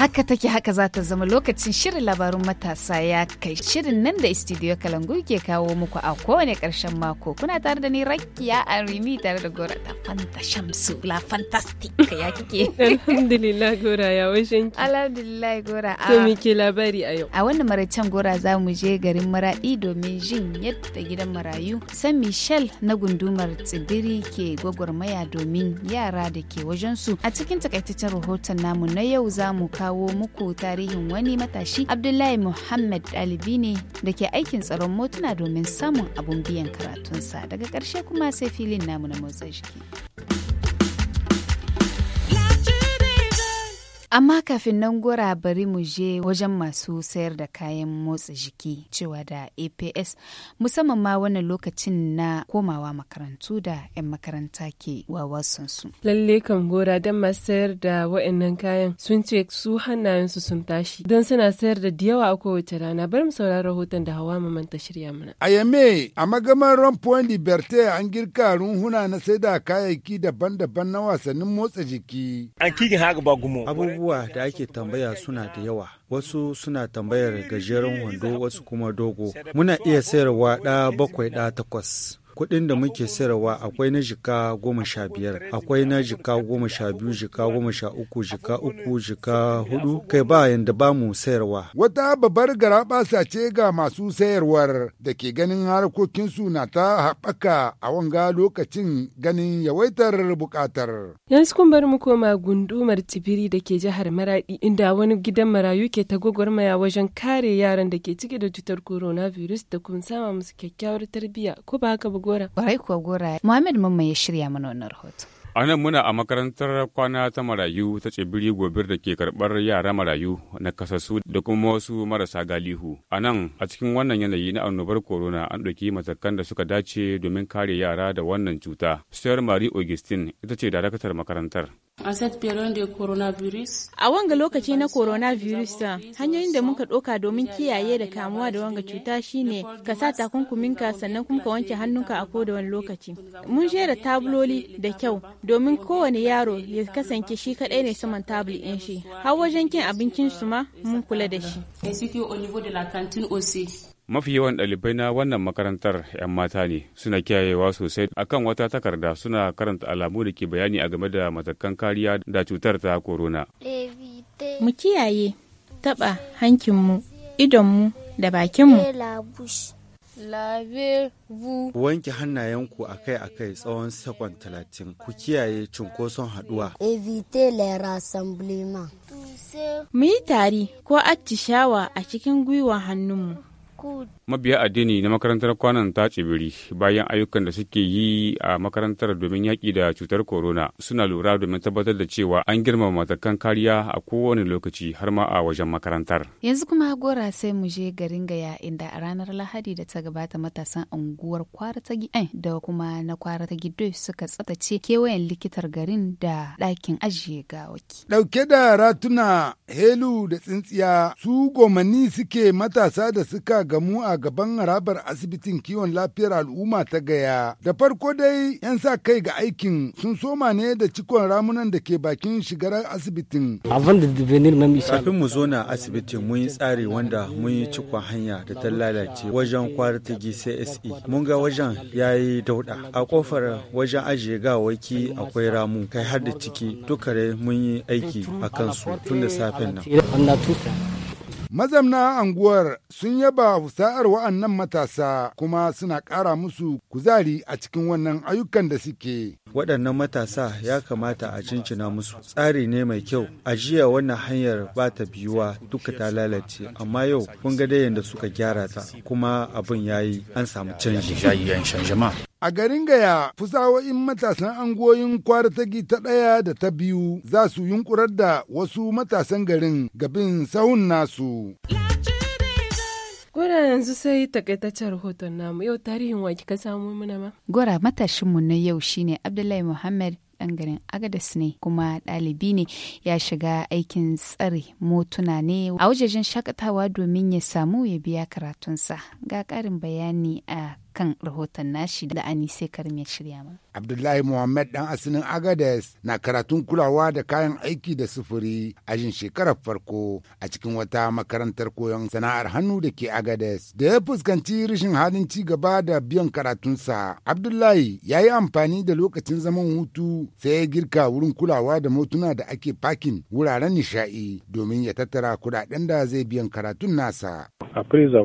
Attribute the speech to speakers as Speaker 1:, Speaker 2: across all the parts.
Speaker 1: Haka take haka za ta zama lokacin shirin labarun matasa ya kai shirin nan da istidiyo Kalangu ke kawo muku a kowane karshen mako. Kuna tare da ni Rakiya rimi tare da Gora ta Fanta Shamsu la fantastic ya kike. Alhamdulillah Gora ya Alhamdulillah Gora. To me ke labari a yau? A wannan maraicen Gora za mu je garin maraɗi domin jin yadda gidan marayu San Michel na gundumar Tsibiri ke gwagwarmaya domin yara da ke wajensu. A cikin takaitaccen rahoton namu na yau za mu kawo kawo muku tarihin wani matashi Abdullahi Muhammad Dalibi ne da ke aikin tsaron motuna domin samun abun biyan karatunsa. Daga ƙarshe kuma sai filin namu na motsa jiki. Amma kafin nan gora bari mu je wajen masu sayar da kayan motsa jiki cewa da APS musamman ma wani lokacin na komawa makarantu da 'yan makaranta ke wawasansu. Lalle
Speaker 2: kan gora don masu sayar da wa'annan kayan sun ce su hannayensu sun tashi don suna sayar da diyawa a kowace rana bari mu saurari rahoton da hawa maman ta shirya mana.
Speaker 3: A yame a magamar point Liberté an girka runhuna na sai kayayyaki daban-daban na wasannin motsa jiki. An kigin haka ba gumo.
Speaker 4: abubuwa da ake tambaya suna da yawa wasu suna tambayar gajeren wando wasu kuma dogo muna iya sayarwa ɗa bakwai ɗa takwas kuɗin da muke sayarwa akwai na jika goma sha biyar akwai na jika goma sha biyu jika goma sha uku jika uku jika hudu kai ba yanda ba mu sayarwa.
Speaker 3: Wata babbar garaɓasa ce ga masu sayarwar da ke ganin harkokinsu na ta haɓaka a wanga lokacin ganin yawaitar buƙatar.
Speaker 2: Yanzu kun bar mu koma gundumar tsibiri da ke jihar Maraɗi inda wani gidan marayu ke ta gwagwarmaya wajen kare yaran da ke cike da cutar coronavirus da kuma sama musu kyakkyawar tarbiyya
Speaker 1: ko ba haka ba gora. Ƙwarai kuwa gora. Muhammad Mamman ya shirya mana wannan rahoto.
Speaker 5: A nan muna a makarantar kwana ta marayu ta tsibiri gobir da ke karɓar yara marayu na kasassu da kuma wasu marasa galihu. A nan a cikin wannan yanayi na annobar corona an ɗauki matakan da suka dace domin kare yara da wannan cuta. Sir Marie Augustine ita ce daraktar makarantar. A
Speaker 2: wanga lokaci na coronavirus hanyoyin da muka ɗoka domin kiyaye da kamuwa da wanga cuta shine ka sa takunkuminka sannan kuma ka wanke hannunka a da wani lokaci. Mun shera tabuloli da kyau domin kowane yaro ya kasance shi kadai ne saman tabul ɗin shi har wajen kin abincin su ma mun kula da shi
Speaker 5: mafi yawan ɗalibai na wannan makarantar 'yan mata ne suna kiyayewa sosai akan wata takarda suna karanta alamu da ke bayani a game da matakan kariya da cutar ta korona.
Speaker 2: mu kiyaye taba hankinmu idonmu da bakinmu Lavevu.
Speaker 4: Wanke hannayenku akai-akai tsawon sekon talatin. Ku kiyaye cunkoson
Speaker 5: haɗuwa.
Speaker 2: Evite le rassemblement. Mu yi tari ko attishawa a cikin gwiwan hannunmu.
Speaker 5: Mabiya addini na makarantar kwanan ta tsibiri bayan ayyukan da suke yi a makarantar domin yaƙi da cutar corona suna lura domin tabbatar da cewa an girmama matakan kariya a kowane lokaci har ma a wajen makarantar.
Speaker 1: Yanzu kuma gora sai mu je garin gaya inda a ranar Lahadi da ta gabata matasan unguwar kwara ta eh, da kuma na kwara ta suka tsatace kewayen likitar garin da ɗakin ajiye gawaki.
Speaker 3: Ɗauke da ratuna helu da tsintsiya su gomanni suke matasa da suka gamu a gaban harabar asibitin kiwon lafiyar al'umma ta gaya. Da farko dai 'yan sa kai ga aikin sun soma ne da cikon ramunan da ke bakin shigar asibitin.
Speaker 4: Kafin mu zo na asibiti mun yi tsari wanda mun yi cikon hanya da ta lalace wajen kwartagi CSE. Mun ga wajen ya yi dauɗa. A kofar wajen ajiye gawaki akwai ramu kai har da ciki dukare mun yi aiki a kansu tun da safen nan.
Speaker 3: Mazamna anguwar sun yaba sa'ar wa'annan matasa kuma suna ƙara musu kuzari a cikin wannan ayyukan da suke.
Speaker 4: waɗannan matasa ya kamata a cincina musu tsari ne mai kyau a wannan hanyar ba ta biyuwa duka ta lalace amma yau kun ga dai yadda suka gyara ta kuma abin yayi an samu canji
Speaker 3: a garin gaya fusawoyin matasan angoyin kwara ta ta ɗaya da ta biyu za su yunkurar da wasu matasan garin gabin sahun nasu.
Speaker 2: Gora yanzu sai takaitaccen rahoton namu yau tarihin wa ka samu muna ma.
Speaker 1: Gora matashinmu na yau shine Abdullahi Muhammad ɗan garin Agadas ne kuma ɗalibi ne ya shiga aikin tsare motuna ne a wajejen shakatawa domin ya samu ya biya karatunsa. Ga ƙarin bayani a kan rahoton nashi da Anise Karim ya shirya ma.
Speaker 3: Abdullahi Muhammad dan asinin agadas na karatun kulawa da kayan aiki da sufuri a jin shekarar farko a cikin wata makarantar koyon sana'ar hannu da ke agadas Da ya fuskanci rashin halin ci gaba da biyan karatunsa, Abdullahi ya yi amfani da lokacin zaman hutu sai ya girka wurin kulawa da motuna da ake fakin wuraren nishaɗi domin ya tattara kudaden da zai biyan karatun nasa.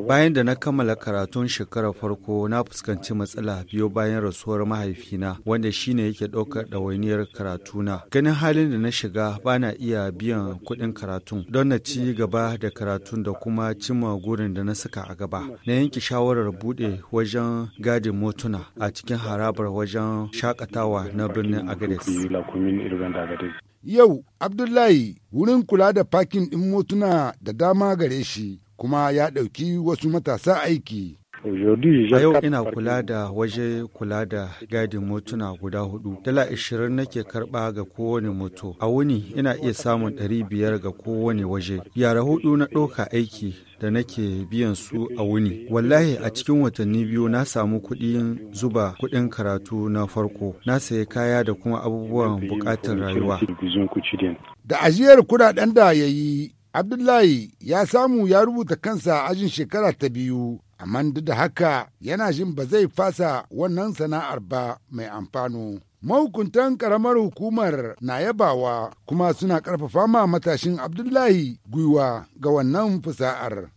Speaker 4: Bayan da na kammala karatun shekarar farko na fuskanci matsala biyo bayan rasuwar mahaifina wanda shine yake ɗaukar ɗawainiyar karatuna. Ganin halin da na shiga bana iya biyan kuɗin karatun don na ci gaba da karatun da kuma cimma gurin da na saka a gaba. Na yanke shawarar buɗe wajen gadin motuna a cikin harabar wajen shakatawa na birnin Agade.
Speaker 3: Yau, Abdullahi wurin kula da fakin ɗin motuna da dama gare shi kuma ya ɗauki wasu matasa aiki. A yau ina kula
Speaker 4: da waje kula da gadin motuna guda hudu. Dala ishirin nake karba ga kowane moto. A wuni ina iya samun ɗari biyar ga kowane waje. Yara hudu na ɗauka aiki da nake biyan su a wuni. Wallahi a cikin watanni biyu na samu kuɗin zuba kuɗin karatu na farko. Na sayi kaya da kuma abubuwan buƙatar rayuwa.
Speaker 3: Da ajiyar kuɗaɗen da ya yi Abdullahi ya samu ya rubuta kansa ajin shekara ta biyu amma duk da haka yana jin ba zai fasa wannan sana'ar ba mai amfano. Mahukuntan karamar hukumar na yabawa kuma suna ƙarfafa ma matashin Abdullahi gwiwa ga wannan fusa'ar.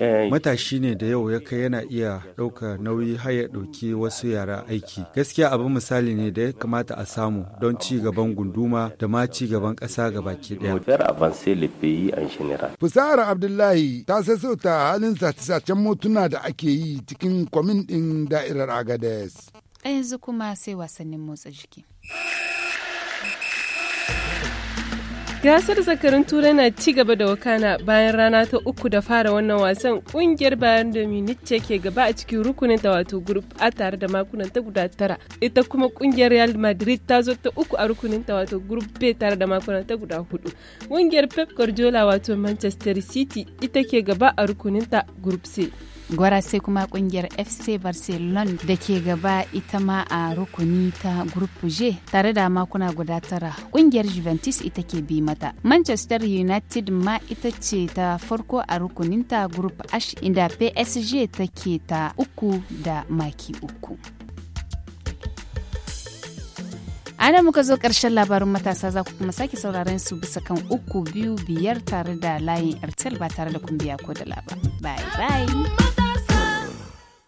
Speaker 4: Eh, Matashi ne da yau ya kai yana iya ɗauka nauyi har ya ɗauki wasu yara aiki. Gaskiya abin misali ne da ya kamata a samu don ci gaban gunduma da ma ci gaban ƙasa baki ɗaya.
Speaker 3: Fusahar Abdullahi ta sassauta halin sace-sacen motuna da ake yi cikin kwamin ɗin da'irar Agades.
Speaker 1: A yanzu kuma sai wasannin motsa jiki.
Speaker 2: gasar zakarun turai na ci gaba da wakana bayan rana ta uku da fara wannan wasan kungiyar bayan da ce ke gaba a cikin rukunin da wato group a tare da makunan ta guda tara ita kuma kungiyar real madrid ta zo ta uku a rukunin ta wato group b tare da makunan ta guda hudu kungiyar pep guardiola wato manchester city ita
Speaker 1: ke gaba a rukunin ta group c gwara sai kuma kungiyar fc barcelona da ke gaba ita ma a rukuni ta group g tare da makuna guda tara kungiyar juventus ita ke bi mata manchester united ma ita ce ta farko a rukuninta group h inda psg take ta uku da maki uku ana muka zo ƙarshen labarin matasa za ku kuma sake sauraron su bisa kan uku biyu biyar tare da layin airtel ba tare da kumbiya ko da labar bye bye